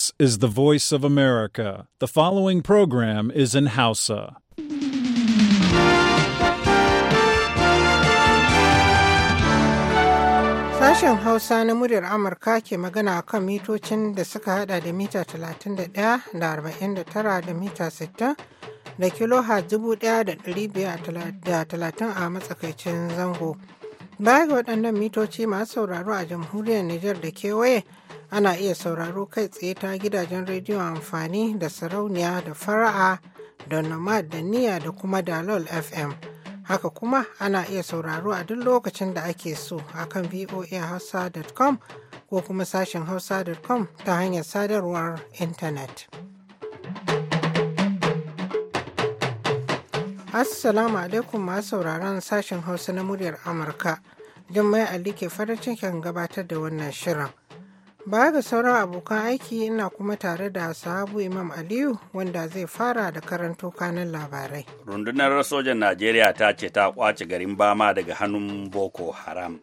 This is the voice of America. The following program is in Hausa. Sashen Hausa na muryar Amurka ke magana kan mitocin da suka hada da mita 31 da 49 da mita 60 da kilo 1530 a matsakaicin zango. Baya ga waɗannan mitoci masu sauraro a jamhuriyar Nijar da kewaye ana iya sauraro kai tsaye ta gidajen rediyo amfani da sarauniya da fara'a da nomad da niya da kuma dalol fm haka kuma ana iya sauraro a duk lokacin da ake so akan voahausa.com ko kuma sashen hausa.com ta hanyar sadarwar intanet assalamu alaikum masu sauraron sashen hausa na muryar amurka jummai ali ke farin cikin gabatar da wannan shirin Baya ga sauran abokan aiki ina kuma tare da sahabu Imam Aliyu wanda zai fara da karanto kanan labarai. Rundunar sojan Najeriya ta ce ta kwace garin Bama daga hannun Boko Haram.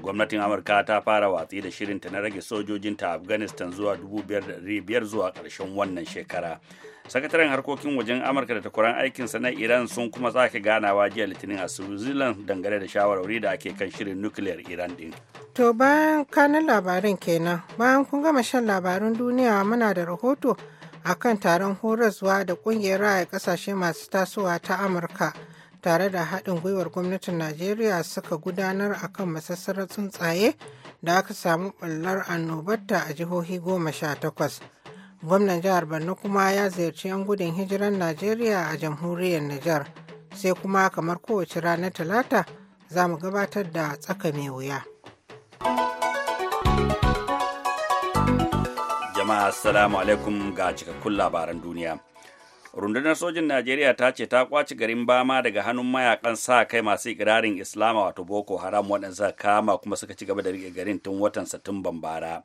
Gwamnatin Amurka ta fara watsi da shirinta na rage sojojinta Afghanistan zuwa 5,500 zuwa ƙarshen wannan shekara. sakataren harkokin wajen amurka da takwaran aikinsa na iran sun kuma sake ganawa jiya litinin a switzerland dangane da shawarwari da ake kan shirin nukiliyar iran din to bayan kanin labarin kenan bayan kun gama shan labarin duniya muna da rahoto akan taron horaswa da kungiyar raya kasashe masu tasowa ta amurka tare da haɗin gwiwar gwamnatin najeriya suka gudanar akan masassarar tsuntsaye da aka samu ɓullar annobarta a jihohi goma sha takwas Gwamnan jihar Borno kuma ya ziyarci 'yan gudun hijiran Najeriya a jamhuriyar Nijar. Sai kuma kamar kowace ranar Talata za mu gabatar da tsaka mai wuya. Jama'a Assalamu alaikum ga cikakkun labaran duniya. rundunar sojin najeriya ta ce ta kwaci garin bama daga hannun mayakan sa kai masu ikirarin islama wato boko haram waɗanda kama kuma suka ci gaba da rike garin tun watan satumban bara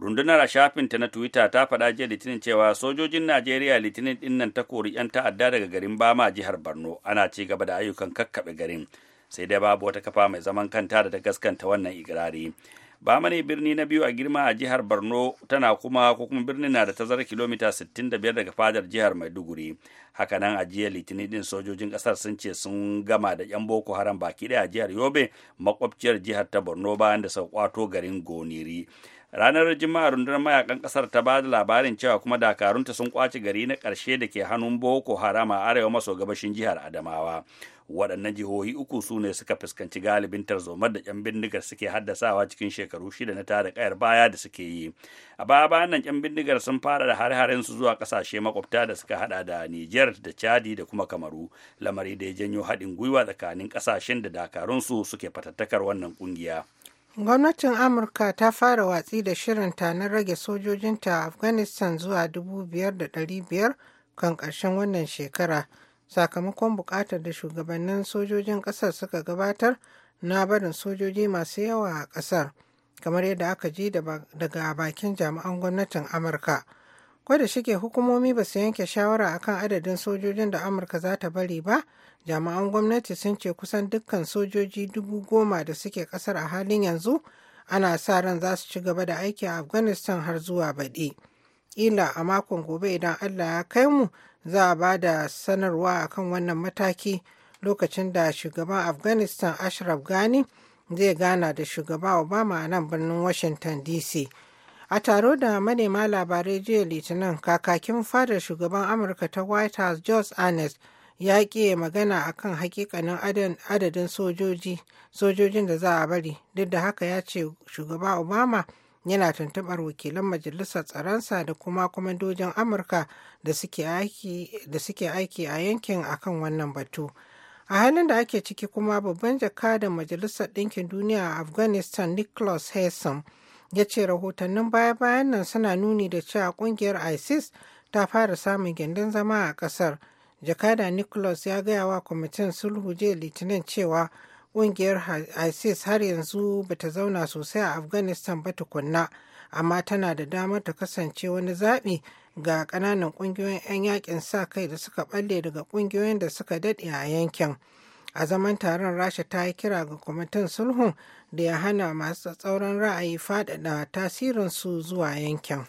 rundunar a shafinta na twitter ta faɗa jiya litinin cewa sojojin najeriya litinin nan ta kori 'yan ta'adda daga garin bama jihar borno ana ci gaba da ayyukan kakkaɓe garin sai dai babu wata kafa mai zaman kanta da ta gaskanta wannan igirari Bama ne birni na biyu a girma a jihar Borno tana kuma ko kuma birnin na da tazara kilomita 65 daga fadar jihar Maiduguri. Hakanan a jiya Litinin din sojojin kasar sun ce sun gama da yan Boko Haram baki daya a jihar Yobe makwabciyar jihar ta Borno bayan da sau kwato garin Goniri. ranar juma'a rundunar mayakan kasar ta ba da labarin cewa kuma dakarunta sun kwace gari na ƙarshe da ke hannun boko haram a arewa maso gabashin jihar adamawa waɗannan jihohi uku su ne suka fuskanci galibin tarzomar da yan bindigar suke haddasawa cikin shekaru shida na tada kayar baya da suke yi a baya bayan nan yan bindigar sun fara da har su zuwa ƙasashe makwabta da suka hada da niger da chadi da kuma kamaru lamari da ya janyo haɗin gwiwa tsakanin ƙasashen da dakarunsu suke fatattakar wannan ƙungiya. Gwamnatin Amurka ta fara watsi da shirinta na rage sojojinta a Afghanistan zuwa 5,500 kan ƙarshen wannan shekara sakamakon buƙatar da shugabannin sojojin ƙasar suka gabatar na barin sojoji masu yawa a ƙasar kamar yadda aka ji daga bakin jami'an gwamnatin Amurka. Kwada shike hukumomi ba su yanke shawara a kan adadin sojojin da Amurka za ta bari ba, jami'an gwamnati sun ce kusan dukkan sojoji dubu goma da suke kasar a halin yanzu ana sa ran za su ci gaba da aiki a Afghanistan har zuwa baɗi. Ƙila a makon gobe idan Allah ya kai mu za a ba da sanarwa akan wannan mataki lokacin da shugaban Afghanistan Ashraf Ghani zai gana da shugaba Obama a nan birnin Washington DC. A taro da manema labarai jiya Litinin, kakakin fadar shugaban Amurka ta White House George Arnest ya ƙi magana a kan hakikanin adadin sojoji, sojojin da za a bari, duk da haka ya ce shugaba Obama yana tuntuɓar wakilan majalisar tsaronsa da kuma kwamandojin Amurka da suke aiki a yankin kan wannan batu. a halin da ake ciki kuma babban jakadan majalisar ɗinkin duniya a afghanistan nicholas hesson ya ce rahotannin baya-bayan nan suna nuni da cewa kungiyar isis ta fara samun gindin zama a kasar jakada nicholas ya gaya wa kwamitin sulhu jiya litinin cewa kungiyar isis har yanzu bata zauna sosai a afghanistan ba tukunna amma tana da damar ta kasance wani zaɓi ga ƙananan ƙungiyoyin 'yan yakin sa kai da suka ɓalle daga ƙungiyoyin da suka daɗe a yankin. a zaman taron rasha ta yi kira ga kwamitin sulhun da ya hana masu tsauran ra'ayi faɗaɗa tasirinsu zuwa yankin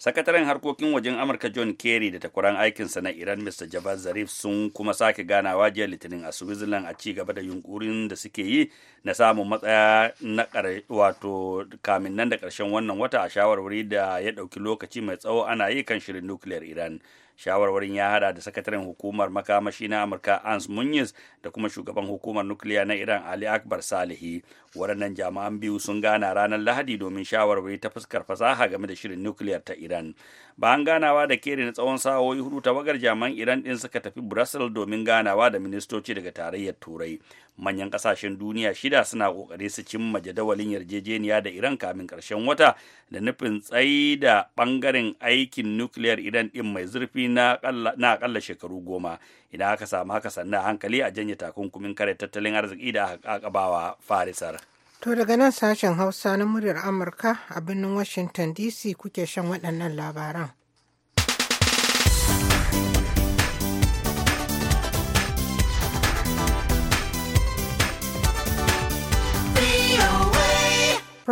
sakataren harkokin wajen amurka john kerry da takwaran aikinsa na iran mr javad zarif sun kuma sake ganawa jiya litinin a switzerland a ci gaba da yunkurin da suke yi na samun matsaya na wato kamin nan da karshen wannan wata a shawarwari da ya ɗauki lokaci mai tsawo ana yi kan shirin nukiliyar iran shawarwarin ya hada da sakataren hukumar makamashi na amurka ans munyes da kuma shugaban hukumar nukiliya na iran ali akbar salihi waɗannan jama'an biyu sun gana ranar lahadi domin shawarwari ta fuskar fasaha game da shirin nukiliyar ta iran bayan ganawa da keri na tsawon sa'o'i hudu tawagar jami'an iran ɗin suka tafi brussels domin ganawa da ministoci daga tarayyar turai manyan ƙasashen duniya shida suna kokari su cimma jadawalin yarjejeniya da iran kamin ƙarshen wata da nufin tsayi da ɓangaren aikin nukiliyar iran ɗin mai zurfi na aƙalla shekaru goma idan aka samu haka sannan hankali a janye takunkumin kare tattalin arziki da aka bawa farisar to daga nan sashen hausa na muryar amurka a birnin washington dc kuke shan waɗannan labaran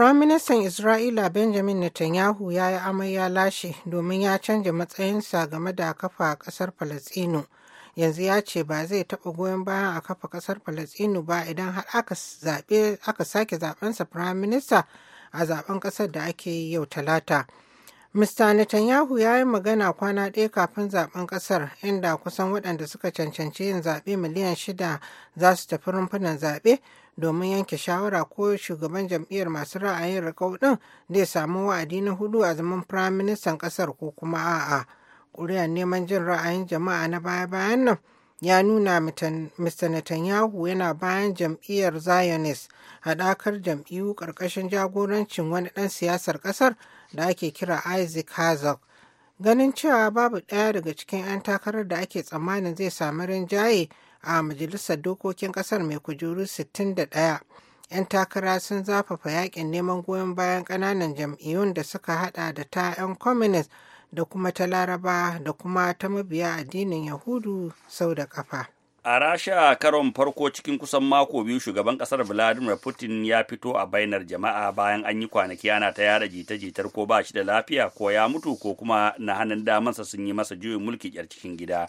Firaministan Isra'ila Benjamin Netanyahu ya yi amai ya lashe domin ya canja matsayinsa game da kafa ƙasar Falasino. yanzu ya ce ba zai taɓa goyon bayan a kafa ƙasar palestino ba idan har aka aka sake zaɓensa Firayim minister a zaɓen ƙasar da ake yi yau Talata. Mr. Netanyahu ya yi magana kwana ɗaya kafin zaben ƙasar inda kusan waɗanda suka cancanci yin zaɓe miliyan shida za su tafi rumfunan zaɓe domin yanke shawara ko shugaban jam'iyyar masu ra'ayin rikau ɗin zai samu wa'adi na hudu a zaman firaministan ƙasar ko kuma a'a. ƙuri'ar neman jin ra'ayin jama'a na baya-bayan nan ya nuna Mr. Netanyahu yana bayan jam'iyyar Zionist haɗakar jam'iyyu ƙarƙashin jagorancin wani ɗan siyasar ƙasar da ake kira Isaac Herzog. Ganin cewa babu ɗaya daga cikin 'yan takarar da ake tsammanin zai sami rinjaye a majalisar dokokin ƙasar mai kujeru 61. 'Yan takara sun zafafa yaƙin neman goyon bayan ƙananan jam'iyyun da suka haɗa da ta 'yan communist da kuma ta laraba da kuma ta mabiya addinin yahudu sau da kafa a rasha karon farko cikin kusan mako biyu shugaban kasar vladimir putin ya fito a bainar jama'a bayan an yi kwanaki ana ta yada jita-jitar ko ba shi da lafiya ko ya mutu ko kuma na hannun damansa sun yi masa juyin mulki cikin gida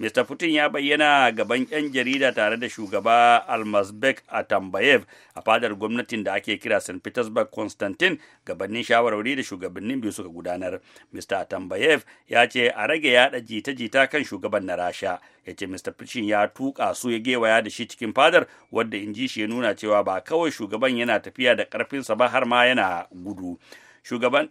Mr. Putin ya bayyana gaban 'yan jarida tare da shugaba Almazbek Atambayev a fadar gwamnatin da ake kira St. Petersburg Konstantin gabanin shawarwari da shugabannin biyu suka gudanar. Mr. Atambayev ya ce a rage yada jita-jita kan shugaban na Rasha. Ya ce Mr. Putin ya tuka su ya gewaya da shi cikin fadar wadda in ji shi ya nuna cewa ba kawai shugaban yana tafiya da ƙarfinsa ba har ma yana gudu.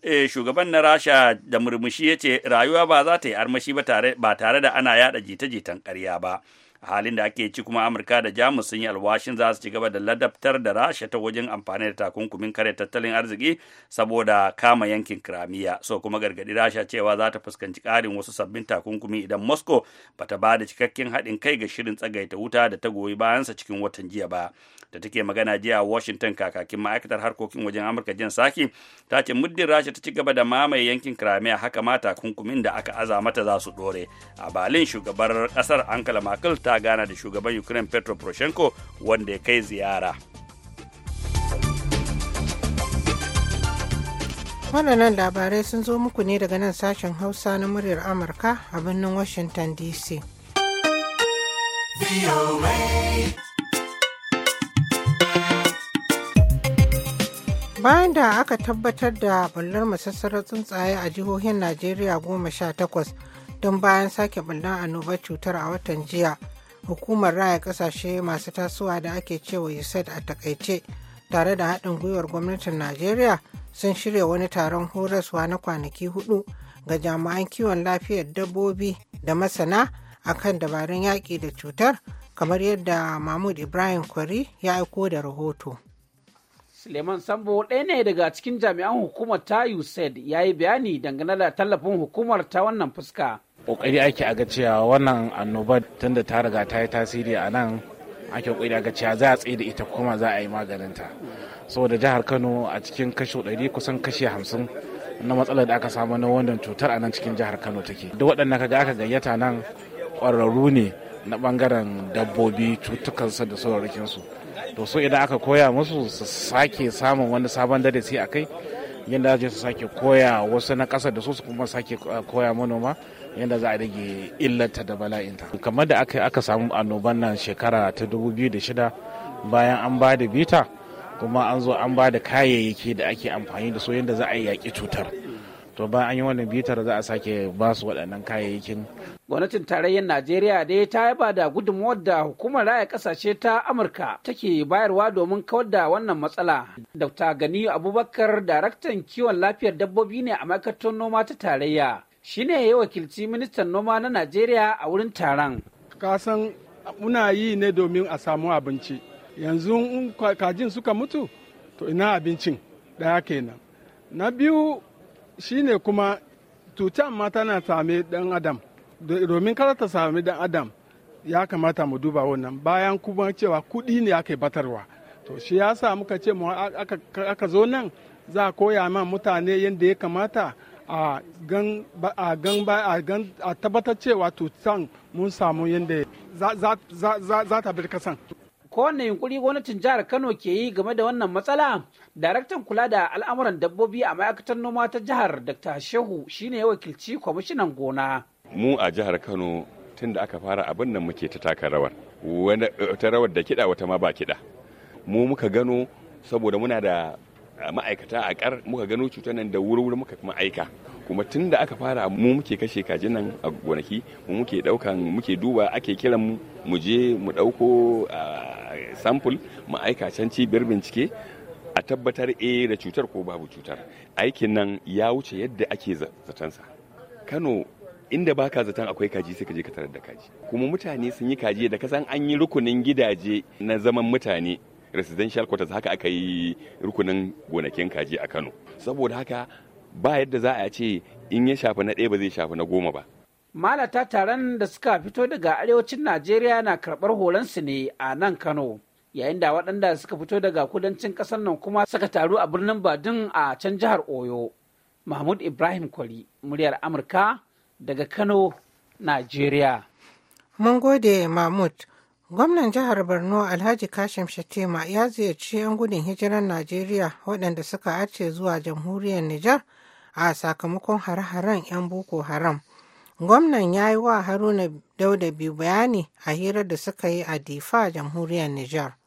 Eh, shugaban na rasha da murmushi ya ce rayuwa ba za ta yi armashi ba tare da ana yada jita-jitan karya ba a halin da ake ci kuma amurka da jamus sun yi alwashin za su ci gaba da ladabtar da rasha ta wajen amfani da takunkumin kare tattalin arziki saboda kama yankin kramiya so kuma gargadi rasha cewa za ta fuskanci karin wasu sabbin takunkumi idan moscow bata ba da cikakken haɗin kai ga shirin tsagaita wuta da ta goyi bayansa cikin watan jiya ba da take magana jiya a washington kakakin ma'aikatar harkokin wajen amurka jan saki ta ce muddin rasha ta ci gaba da mamaye yankin crimea haka ma takunkumin da aka aza mata za su dore a balin shugabar kasar ankala merkel ta gana da shugaban ukraine petro poroshenko wanda ya kai ziyara waɗannan labarai sun zo muku ne daga nan sashen hausa na muryar amurka a birnin washington dc bayan da aka tabbatar da bullar masassarar tsuntsaye a jihohin najeriya goma sha takwas don bayan sake bullar annobar cutar a watan jiya hukumar raya kasashe masu tasowa da ake cewa usaid a takaice tare da haɗin gwiwar gwamnatin najeriya sun shirya wani taron horaswa na kwanaki hudu ga jami'an kiwon lafiyar dabbobi da masana a kan dabarun yaƙi da cutar kamar yadda mahmud ibrahim kwari ya aiko da rahoto Suleiman Sambo ɗaya ne daga cikin jami'an hukumar ta USAID ya yi bayani dangane da tallafin hukumar ta wannan fuska. Ƙoƙari ake aga cewa wannan annobar tunda ta riga ta yi tasiri a nan ake ƙoƙari aga cewa za a tsaye da ita kuma za a yi maganinta. Saboda jihar Kano a cikin kashi ɗari kusan kashi hamsin na matsalar da aka samu na wannan cutar a nan cikin jihar Kano take. Duk waɗannan kaga aka gayyata nan ƙwararru ne na ɓangaren dabbobi cutukansu da sauraronsu. to su idan aka koya musu su sake samun wani sabon darasi a kai yadda za su sake koya wasu na ƙasa da su su kuma sake eh, koya manoma yadda za a rage illata da bala'inta kamar da aka aka samu annoban nan shekara ta 2006 bayan an ba da bita kuma an zo an ba da kayayyaki da ake amfani da su yadda za a yaƙi cutar to ba an yi wannan bitar za a sake ba su waɗannan kayayyakin gwamnatin tarayyar najeriya dai ta yaba da gudunmuwar da hukumar raya kasashe ta amurka take bayarwa domin kawar da wannan matsala dr gani abubakar daraktan kiwon lafiyar dabbobi ne a ma'aikatar noma ta tarayya shine ya wakilci ministan noma na najeriya a wurin taron kasan muna yi ne domin a samu abinci yanzu kajin suka mutu to ina abincin ɗaya kenan na biyu shi ne kuma cutan ma tana same dan adam domin kada ta sami dan adam ya kamata mu duba wannan bayan kuma cewa kuɗi ne aka batarwa to shi ya sa muka ce mu aka zo nan za a koya ma mutane yadda ya kamata a gan a tabbatar cewa tutan mun samu yadda za ta bi kasan. Kowane yunkuri gwamnatin jihar Kano ke yi game da wannan matsala Daraktan kula da al'amuran dabbobi a ma'aikatar noma ta jihar Dr. Shehu shine ya wakilci kwamishinan gona. Mu a jihar Kano tun da aka fara abin nan muke ta taka rawar. Wata eh, rawar da kiɗa wata ma ba kiɗa. Mu muka gano saboda muna da eh, ma'aikata a kar muka gano cutar nan da wuri-wuri muka ma'aika, kuma tun da aka fara mu muke kashe kajinan nan a gonaki mu muke daukan muke duba ake kiran mu mu je mu dauko ah, sample mu can cibiyar bincike a tabbatar eh da cutar ko babu cutar aikin nan ya wuce yadda ake zatansa kano inda baka zaton akwai kaji sai ka je ka tarar da kaji kuma mutane sun yi kaji da kasan an yi rukunin gidaje na zaman mutane residential quarters haka aka yi rukunin gonakin kaji a Kano saboda haka ba yadda za a ce in ya shafi na ɗaya ba zai shafi na goma ba malata taron da suka fito daga arewacin najeriya na karɓar horonsu ne a nan kano yayin da waɗanda suka fito daga kudancin ƙasar nan kuma suka taru a birnin badin a can jihar oyo mahmud ibrahim kwari muryar amurka daga kano najeriya mun gode mahmud gwamnan jihar borno alhaji kashim shatima ya ziyarci 'yan gudun hijirar najeriya waɗanda suka arce zuwa jamhuriyar nijar a sakamakon hare-haren 'yan boko haram gwamnan ya yi wa haruna dauda biyu bayani a hirar da suka yi a difa jamhuriyar nijar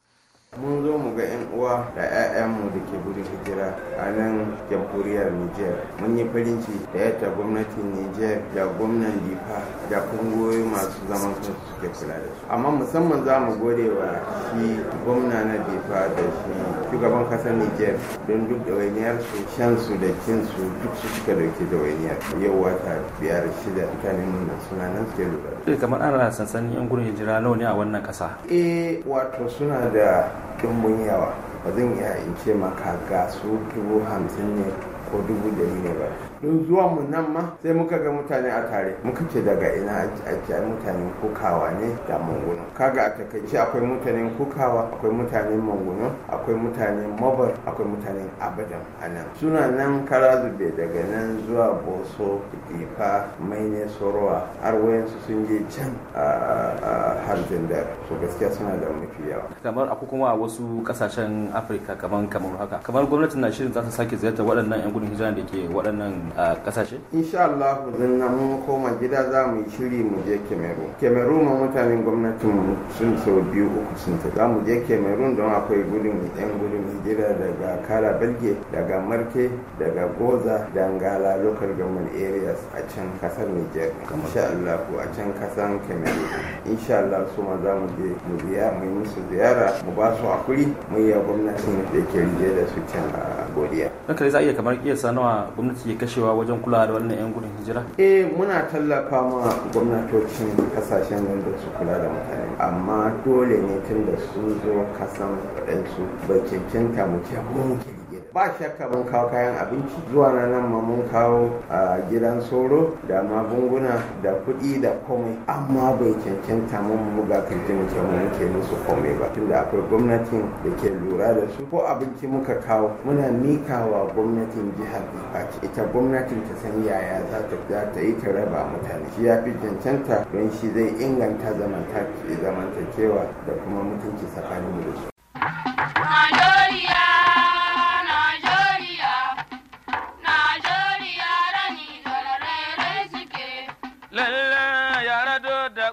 mun zo mu ga 'yan uwa da 'ya'yanmu da ke gudun hijira a nan jamhuriyar niger mun yi farin ciki da yadda gwamnatin niger da gwamnan difa da kungiyoyi masu zaman kansu suke kula da su amma musamman za mu gode wa shi gwamna na difa da shi shugaban kasar niger don duk wainiyar su shan su da cin su duk su suka da ɗawainiyar yau wata biyar shida mutanen mu suna nan suke lura eh, kamar ana sansanin 'yan gudun hijira nawa ne a wannan ƙasa eh wato suna da kin mun yawa ba zan iya in ce maka ga su dubu hamsin ne ko dubu dari ne ba don zuwa mu nan ma sai muka ga mutane a tare muka ce daga ina ake mutane kukawa ne da manguno kaga a takaice akwai mutanen kukawa akwai mutanen manguno akwai mutanen mabar akwai mutanen abadan a nan suna nan kara zube daga nan zuwa boso ifa ne sorowa har wayansu sun je can a harzin da so gaskiya suna da mafi yawa kamar aku kuma a wasu kasashen afirka kamar kamar haka kamar gwamnatin na shirin za ta sake ziyartar waɗannan yan gudun hijira da ke waɗannan kasashe? insha Allah mun koma gida za mu yi shiri mu je Cameroon Cameroon ma mutanen gwamnatin mu sun sau biyu uku sun ta za mu je Cameroon don akwai gudun yan gudun hijira daga Kala Belge daga Marke daga Goza dangala, lokal local government areas a can kasar Niger insha Allah a can kasar Cameroon insha Allah su ma za mu je mu ziyara mu yi musu ziyara mu ba su hakuri mu yi gwamnatin da ke rije da su can a godiya haka za a iya kamar iya sanawa gwamnati ke kashewa wajen kulawa da wannan yan gudun hijira eh muna tallafa ma gwamnatocin kasashen wanda su kula da mutane amma dole ne tun da sun zo kasan ɗansu bai cancanta mu ke ba shakka mun kawo kayan abinci zuwa na nan ma mun kawo a gidan soro da magunguna da kuɗi da komai amma bai cancanta mun mu kirji mu ce mun ke musu komai ba tunda akwai gwamnatin da ke lura da su ko abinci muka kawo muna mika wa gwamnatin jihar Bauchi ita gwamnatin ta san yaya za ta za ta yi ta raba mutane shi ya fi cancanta don shi zai inganta zamantakewa da kuma mutunci tsakaninmu da su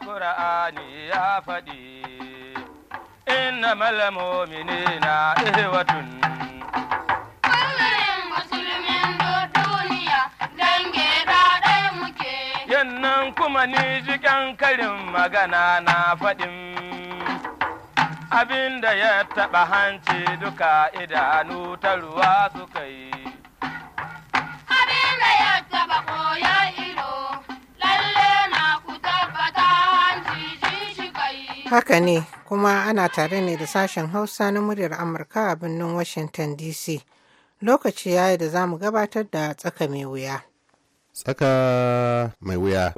qur'ani ya faɗi inna malamomini na ihwatun Yannan kuma ni jiƙan karin magana na faɗin abinda ya taɓa hanci duka idanu ta ruwa su Haka ne, kuma ana tare ne da sashen Hausa na muryar Amurka a birnin Washington DC. Lokaci ya yi da za mu gabatar da tsaka mai wuya. Tsaka mai wuya.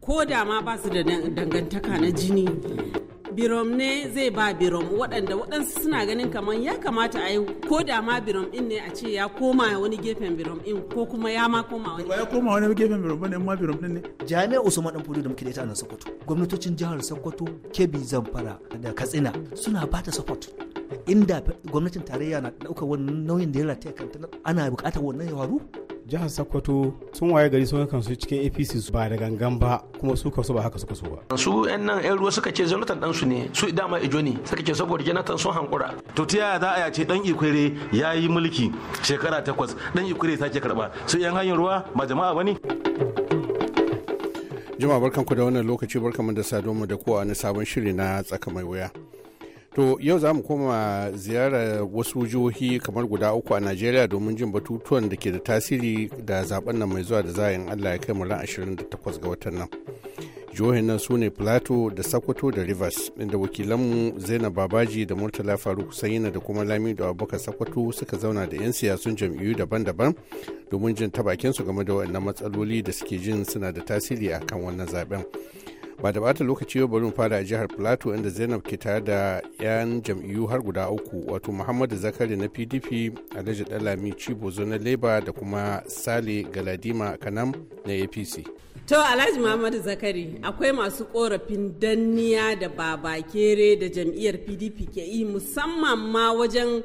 Ko da ma ba su da dangantaka na jini, birom ne zai ba birom waɗanda waɗansu suna ganin kamar ya kamata a yi ko da ma birom ɗin ne a ce ya koma wani gefen birom ɗin ko kuma ya ma koma wani. ya koma wani gefen birom ɗin ma birom ɗin ne. jami'a Usman ɗan Fudu da muke da ita a Sokoto. Gwamnatocin jihar Sokoto, Kebbi, Zamfara da Katsina suna ba ta sokoto Inda gwamnatin tarayya na ɗaukar wani nauyin da ya rataya kanta ana buƙatar wannan yawaru. jihar Sokoto sun waye gari sun su cikin APC ba da gangan ba kuma su kasu ba haka suka so ba. Su yan nan yan ruwa suka ce Jonathan dan su ne su a ijo ne suka ce saboda Jonathan sun hankura. To ta yaya za a ce dan Ikwere ya yi mulki shekara takwas dan Ikwere sake karba su yan hanyar ruwa ba jama'a bane. Jama'a barkanku da wannan lokaci barkanmu da saduwa da kowa na sabon shiri na tsaka mai wuya. To yau za mu koma ziyarar wasu jihohi kamar guda uku a Najeriya domin jin batutuwan da ke da tasiri da zaben nan mai zuwa da za yin Allah ya kai mu ran 28 ga watan nan. Jihohin nan su ne Plateau da Sokoto da Rivers inda wakilanmu Zainab Babaji da Murtala Faruk sanyina da kuma Lamido Abubakar Sokoto suka zauna da 'yan siyasun jam'iyyu daban-daban domin jin tabakinsu game da waɗannan matsaloli da suke jin suna da tasiri akan wannan zaben. ba da bata lokaci ba bari mu fara a jihar plateau inda zainab ke tare da 'yan jam'iyyu har guda uku wato muhammadu zakari na pdp alhaji dalami cibozo na leba da kuma sale galadima kanam na apc to alhaji muhammadu zakari akwai masu korafin danniya da babakere da jam'iyyar pdp ke yi musamman ma wajen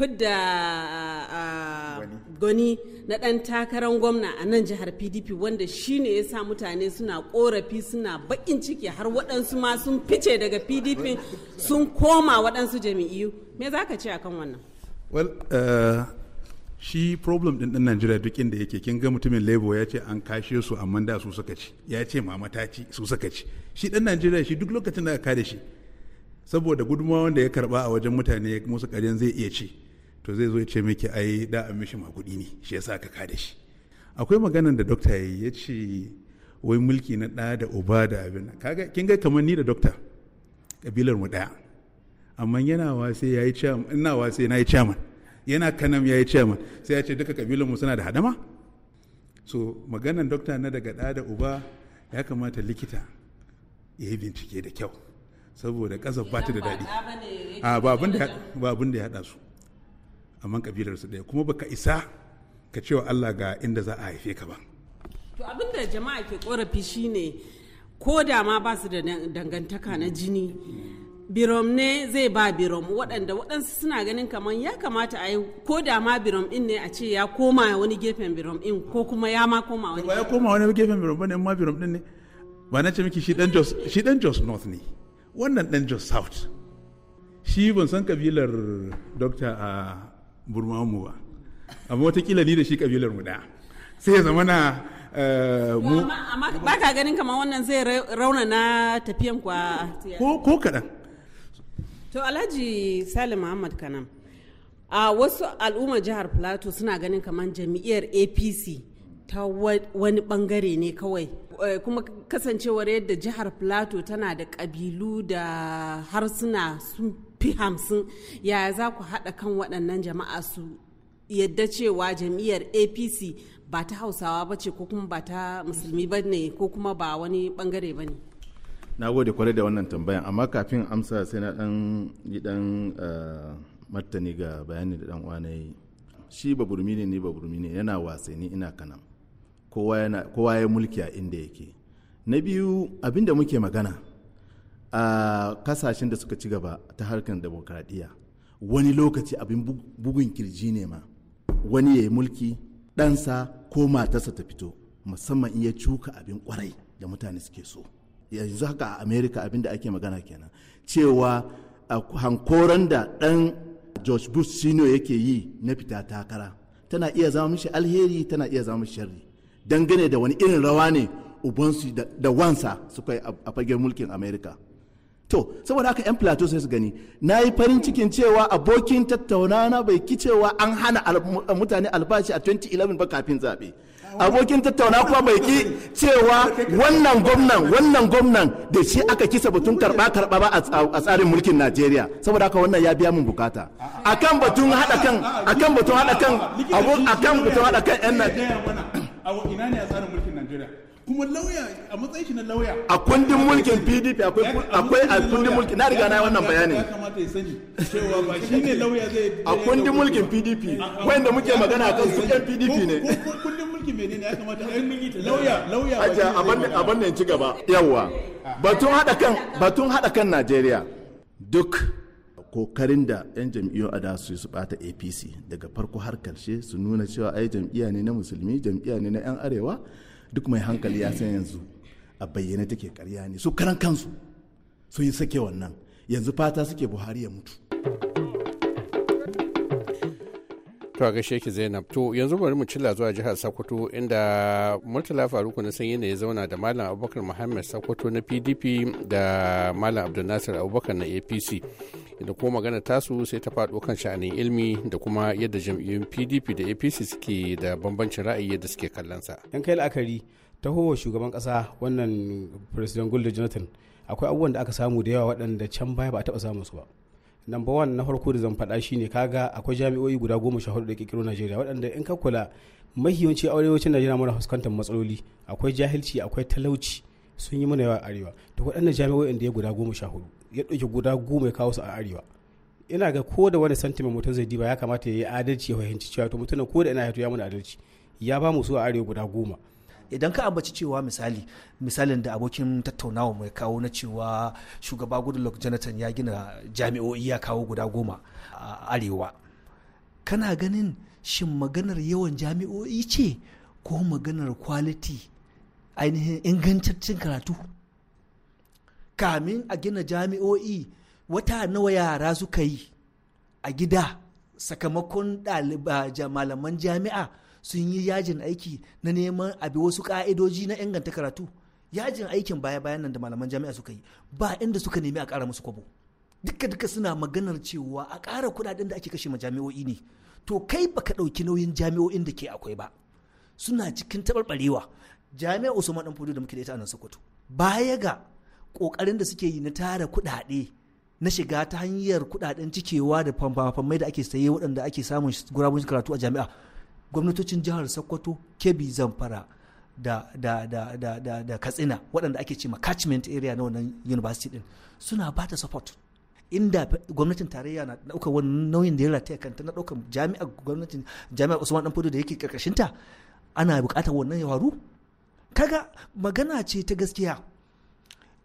fidda ah, ah, goni na ɗan takarar gwamna a nan jihar pdp wanda shi ne ya sa mutane suna korafi suna bakin ciki har waɗansu ma sun fice daga pdp sun koma waɗansu jami'u me za ka ce akan wannan well eh, shi problem ɗin ɗin najeriya duk inda yake kin ga mutumin labour ya ce an kashe su amma da su suka ci ya ce mama ta ci su suka ci shi ɗan najeriya shi duk lokacin da aka kare shi saboda gudunmawa da ya karba a wajen mutane musu ƙaryan zai iya ci to zai zo ya ce miki ai da a mishi makudi ne shi yasa ka kada shi akwai maganan da dokta yayi ya ce wai mulki na ɗa da uba da abin kaga kin ga kamar ni da dokta kabilar mu ɗaya amma yana wase yayi chairman ina wase na yi chairman yana kanam yayi chairman sai ya ce duka kabilar mu suna da hadama so maganan dokta na daga ɗa da uba ya kamata likita ya yi bincike da kyau saboda ƙasar ba ta da daɗi ba abin da ya haɗa su amma kabilar su ɗaya kuma baka isa ka cewa Allah ga inda za a haife ka ba to abinda jama'a ke korafi shine ko da ma ba su da dangantaka na jini birom ne zai ba birom waɗanda waɗansu suna ganin kamar ya kamata a yi ko da ma birom ɗin ne a ce ya koma wani gefen birom ɗin ko kuma ya ma koma wani ba ya koma wani gefen birom ba ne ma birom ɗin ne ba na ce miki shi ɗan jos north ne wannan ɗan jos south shi ban san kabilar dokta a ah, burmamu ba amma watakila ni da shi kabilar mu daya sai ya zama na eh, mu ba ka ganin kamar wannan zai rauna na tafiyan kwa ko kaɗan to alhaji salim muhammad kanam a wasu al'ummar jihar plateau suna ganin kamar jami'iyar apc ta wani bangare ne kawai eh, kuma kasancewar yadda jihar plateau tana da ƙabilu da harsuna sun fi hamsin yaya za ku haɗa kan waɗannan jama'a su yadda cewa jam'iyyar apc ba ta hausawa ba ce ko kuma ba ta musulmi ba ne ko kuma ba wani bangare ba ne na gode kwarai da wannan tambayan amma kafin amsa sai na dan yi dan eh, martani ga bayani da dan uwana shi shi baburmi ne ni baburmi ne yana wasai ni ina kanan kowa ya mulki a inda yake na biyu abinda muke magana a kasashen da suka ci gaba ta harkar demokradiyya wani lokaci abin bugun kirji ne ma wani ya yi mulki ɗansa ko matarsa ta fito musamman in ya cuka abin kwarai da mutane suke so yanzu haka a america abin da ake magana kenan cewa a hankoran da ɗan george bush senior yake yi na fita takara tana iya zama mishi alheri tana iya zama mishi sharri dangane da wani irin rawa ne ubansu da wansa suka yi a fagen mulkin america to saboda haka 'yan plateau sai su gani na yi farin cikin cewa abokin tattaunana bai ki cewa an hana mutane albashi a 2011 ba kafin zaɓe abokin tattauna kuma bai ki cewa wannan gwamnan wannan gwamnan da shi aka kisa batun karba karba ba a tsarin mulkin najeriya saboda haka wannan ya biya min bukata akan batun hada kan akan batun hada kan akan batun hada kan yan najeriya a ina ne a tsarin mulkin najeriya kuma lauya a matsayin shi na lauya a kundin mulkin PDP akwai akwai a kundin mulkin na riga na wannan bayani ya kamata ya sani cewa ba ne lauya zai a kundin mulkin PDP wanda muke magana kan su yan PDP ne kundin mulkin ne ya kamata ai mun yi ta lauya lauya aja abin da ci gaba yawa batun hada kan batun hada kan Najeriya duk kokarin da 'yan jam'iyyun ada su su bata apc daga farko har karshe su nuna cewa ai jam'iyya ne na musulmi jam'iyya ne na 'yan arewa duk mai hankali ya san yanzu a bayyane take karya ne su karan kansu sun yi sake wannan yanzu fata suke buhari ya mutu To a gaishe ki Zainab to yanzu bari mu cilla zuwa jihar Sokoto inda Murtala Faruku na sanyi ne ya zauna da Malam Abubakar Muhammad Sokoto na PDP da Malam Abdul Abubakar na APC. Da kuma magana tasu sai ta faɗo kan sha'anin ilmi da kuma yadda jam'iyyun PDP da APC suke da bambancin ra'ayi yadda suke kallon sa. Yan kai la'akari howa shugaban kasa wannan President Goodluck Jonathan akwai abubuwan da aka samu da yawa waɗanda can baya ba a taɓa samun su ba. number one na farko da zan faɗa shine kaga akwai jami'o'i guda goma sha hudu da ke kiro najeriya waɗanda in ka kula mahiyanci aurewacin najeriya muna fuskantar matsaloli akwai jahilci akwai talauci sun yi mana yawa arewa to waɗannan jami'o'i da ya guda goma sha hudu ya ɗauki guda goma ya kawo su a arewa ina ga ko da wani sentiment mutum zai diba ya kamata ya yi adalci ya fahimci cewa to mutum ko da ina ya mana adalci ya ba mu su a arewa guda goma idan ka ambaci cewa misali misalin da abokin tattaunawa mai kawo na cewa shugaba goodluck jonathan ya gina jami'o'i ya kawo guda goma a arewa kana ganin shin maganar yawan jami'o'i ce ko maganar kwaliti ainihin ingantaccen karatu kamin a gina jami'o'i wata nawa yara suka yi a gida sakamakon malaman jami'a sun yi yajin aiki na neman abi wasu ka'idoji na inganta karatu yajin aikin baya bayan nan da malaman jami'a suka yi ba inda suka nemi a ƙara musu kwabo duka duka suna maganar cewa a ƙara kuɗaɗen da ake kashe ma jami'o'i ne to kai baka ɗauki nauyin jami'o'in da ke akwai ba suna cikin taɓarɓarewa Jami'a usman ɗan fudu da muke da ita a nan sokoto baya ga ƙoƙarin da suke yi na tara kuɗaɗe na shiga ta hanyar kuɗaɗen cikewa da famfamai da ake saye waɗanda ake samun gurabun karatu a jami'a gwamnatocin jihar sokoto kebi zamfara da, da, da, da, da, da katsina waɗanda ake ce catchment area na wannan university din suna ba ta support inda gwamnatin tarayya na ɗaukar wani nauyin da ya rataya kanta na ɗaukar jami'ar gwamnatin jami'ar usman dan fudu da yake karkashinta ana buƙatar wannan yawaru kaga magana ce ta gaskiya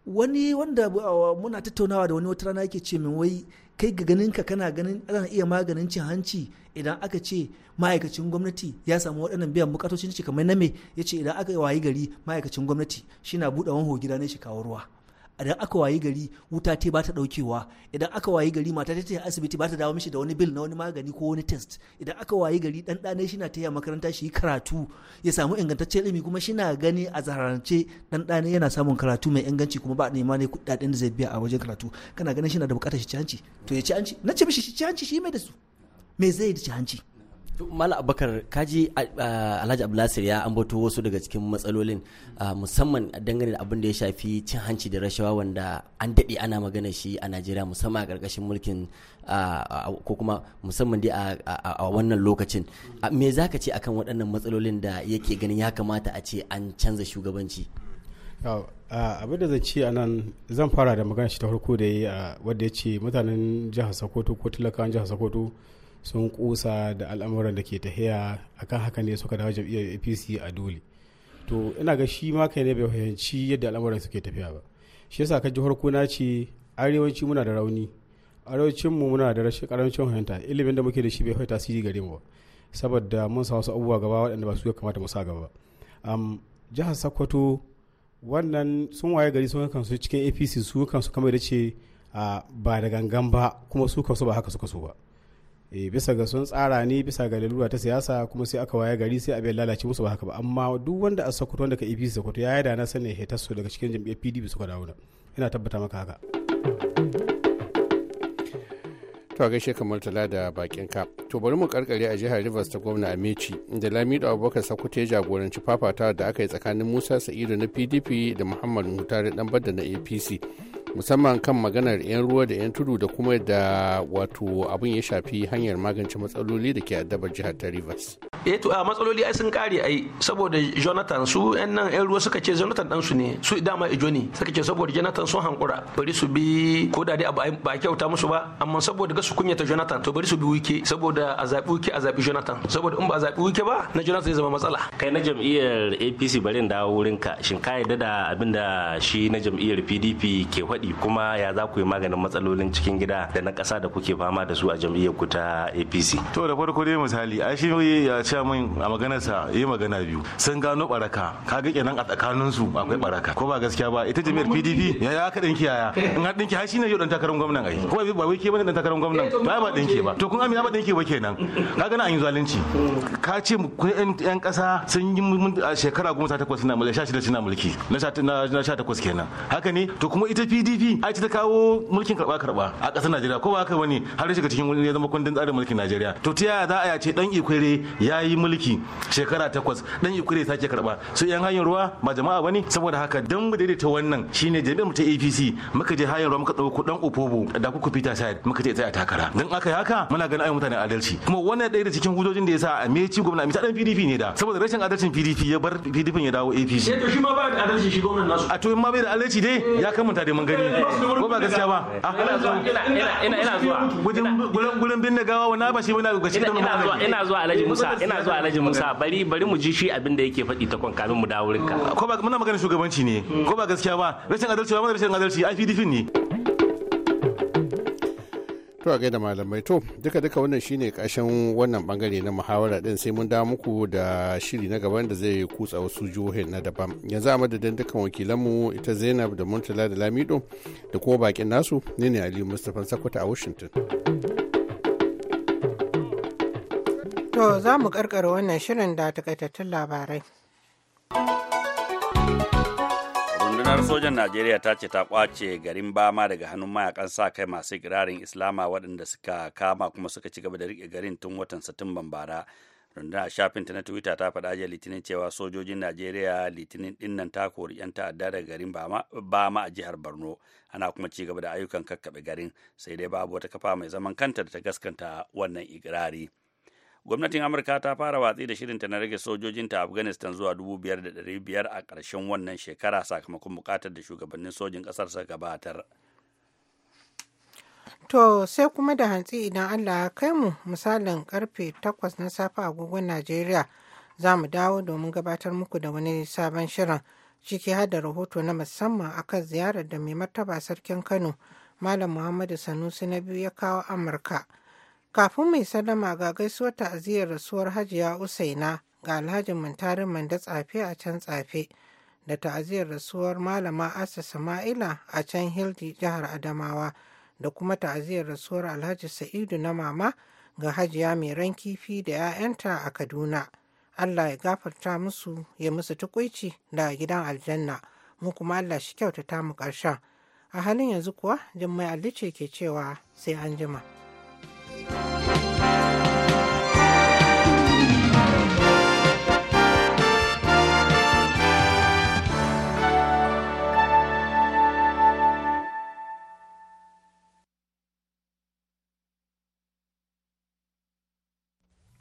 wani wanda uh, muna tattaunawa da wani wata rana yake ce min wai kai ga ganin ka kana ganin ana iya maganin cin hanci idan aka ce ma'aikacin gwamnati ya samu waɗannan biyan bukatocin shi kamar na me ya ce idan aka wayi gari ma'aikacin gwamnati shi na buɗe wani gida ne shi kawo ruwa idan aka wayi gari wuta ce ba ta daukewa idan aka wayi gari mata ta tafi asibiti ba ta dawo mishi da wani bill na wani magani ko wani test idan aka wayi gari dan dane shi na taya makaranta shi karatu ya samu ingantaccen ilimi kuma shi na gani a zararance dan dane yana samun karatu mai inganci kuma ba a nema ne kuɗaɗen da zai biya a wajen karatu kana ganin shi na da bukatar shi ci hanci to ya ci hanci na ce mishi shi ci hanci shi mai da su me zai da ci hanci Mala Abubakar kaji Alhaji Abdullasir ya ambato wasu daga cikin matsalolin musamman dangane da abin da ya shafi cin hanci da rashawa wanda an daɗe ana magana shi a Najeriya musamman a ƙarƙashin mulkin ko kuma musamman dai a wannan lokacin. Me za ka ce akan waɗannan matsalolin da yake ganin ya kamata a ce an canza shugabanci? abin da zan ce a nan zan fara da magana shi ta farko da ya wadda ya ce mutanen jihar Sokoto ko talakawan jihar Sokoto sun kusa da al'amuran da ke tahiya akan haka ne suka dawo jam'iyyar apc a dole to ina ga shi ma kai ne bai fahimci yadda al'amuran suke tafiya ba shi yasa ka ji harko na ce arewaci muna da rauni arewacin mu muna da rashin karancin fahimta ilimin da muke da shi bai fahimta tasiri gare mu ba saboda mun sa wasu abubuwa gaba waɗanda ba su ya kamata mu sa gaba ba jihar sokoto wannan sun waye gari sun kansu cikin apc su kansu kamar da ce ba da gangan ba kuma su kansu ba haka suka so ba e bisa ga sun tsara ne bisa ga lalura ta siyasa kuma sai aka waye gari sai abin lalace musu ba haka ba amma duk wanda a sokoto wanda ka ibi sokoto ya yi da na sanin su daga cikin jam'iyyar pdp kwada dawo ina tabbata maka haka to a gaishe kamar tala da bakin ka to bari mu karkare a jihar rivers ta gwamna amechi da lamido abubakar sakuta ya jagoranci fafatawa da aka yi tsakanin musa sa'idu na pdp da muhammad mutare dan badda na apc musamman kan maganar 'yan ruwa da 'yan tudu da kuma da wato abin ya shafi hanyar magance matsaloli da ke addabar jihar ta rivers eh to a matsaloli ai sun kare ai saboda Jonathan su yan nan yan ruwa suka ce Jonathan dan su ne su dama ijo ne suka ce saboda Jonathan sun hankura bari su bi ko da dai ba kyauta musu ba amma saboda ga su kunyata Jonathan to bari su bi wuke saboda a zabi wuke a zabi Jonathan saboda in ba a zabi wuke ba na Jonathan zai zama matsala kai na jam'iyyar APC bari in dawo wurinka shin ka yarda da abinda shi na jam'iyyar PDP ke faɗi kuma ya za ku yi maganin matsalolin cikin gida da na kasa da kuke fama da su a jam'iyyar ku ta APC to da farko dai misali ai shi min a maganarsa yi magana biyu sun gano baraka kaga kenan a tsakanin su akwai baraka ko ba gaskiya ba ita jami'ar PDP ya ya ka dinki yaya in har dinki har shine yau dan takarar gwamnan ai ko ba wai ke bane dan takarar gwamnan ba ba dinki ba to kun amina ba dinki ba kenan kaga na an yi zalunci ka ce ku yan kasa sun yi a shekara goma sha takwas suna mulki sha shida suna mulki na sha takwas kenan haka ne to kuma ita PDP ai ta kawo mulkin karba karba a ƙasar Najeriya ko ba haka bane har shiga cikin ya zama kundin tsarin mulkin Najeriya to ta yaya za a ce dan ikwere yayi yi mulki shekara takwas dan ikure sake karba su yan hanyar ruwa ba jama'a bane saboda haka dan mu daidaita wannan shine jami'ar mu ta APC muka je hanyar ruwa muka dauko dan opobo da kuku fita Said muka je tsaya takara dan aka haka muna ganin ayyukan mutane adalci kuma wannan ɗaya da cikin hujojin da yasa a meci gwamnati ta dan PDP ne da saboda rashin adalcin PDP ya bar PDP ya dawo APC eh to shi ma ba da adalci shi gwamnatin nasu a to in ma bai da adalci dai ya kamanta da mun gani eh, eh, eh. ko ba gaskiya ba ah. ina zuwa ina ina zuwa gudun gurin bin binne gawa wannan ba shi bane ga cikin ina zuwa ina zuwa Alhaji Musa ina zuwa alhaji musa bari bari mu ji shi abin da yake faɗi ta kwanka mu dawo rinka ko ba muna magana shugabanci ne ko ba gaskiya ba rashin adalci ba rashin adalci ai pdp ne to a gaida malamai to duka duka wannan shine kashin wannan bangare na muhawara din sai mun da muku da shiri na gaban da zai kutsa wasu jihohin na daban yanzu a madadin dukkan wakilanmu ita zainab da murtala da lamido da kuma bakin nasu ne ne ali mustapha sakwata a washington To za mu karkara wannan shirin da takaitattun labarai. Rundunar sojan Najeriya ta ce ta kwace garin Bama daga hannun mayakan sa kai masu ikirarin Islama waɗanda suka kama kuma suka ci gaba da riƙe garin tun watan Satumban bara. rundunar a shafinta na twitter ta faɗa jiya litinin cewa sojojin najeriya litinin dinnan ta kori 'yan ta'adda daga garin bama a jihar borno ana kuma ci gaba da ayyukan kakkaɓe garin sai dai babu wata kafa mai zaman kanta da ta gaskanta wannan ikirari. gwamnatin amurka ta fara watsi da shirinta na rage sojojinta a afghanistan zuwa biyar a ƙarshen wannan shekara sakamakon buƙatar da shugabannin sojin ƙasar sa gabatar to sai kuma da hantsi idan allah ya kai mu misalin karfe 8 na safe agogon najeriya za mu dawo domin gabatar muku da wani sabon shirin ciki har da rahoto na musamman akan ziyarar da mai martaba sarkin kano malam muhammadu sanusi na biyu ya kawo amurka Kafin mai sallama ga gaisuwar ta'aziyar rasuwar Hajiya Usaina ga Alhaji Muntarin Manda Tsafe a can Tsafe da ta'aziyar rasuwar Malama Asa Sama'ila a can Hildi jihar Adamawa da kuma ta'aziyar rasuwar Alhaji Sa'idu na mama ga Hajiya mai ran kifi da 'ya'yanta a Kaduna. Allah ya gafarta musu ya musu tukuici da gidan aljanna mu kuma Allah shi kyautata mu ƙarshen. A halin yanzu kuwa Jummai Ali ce ke cewa sai an jima.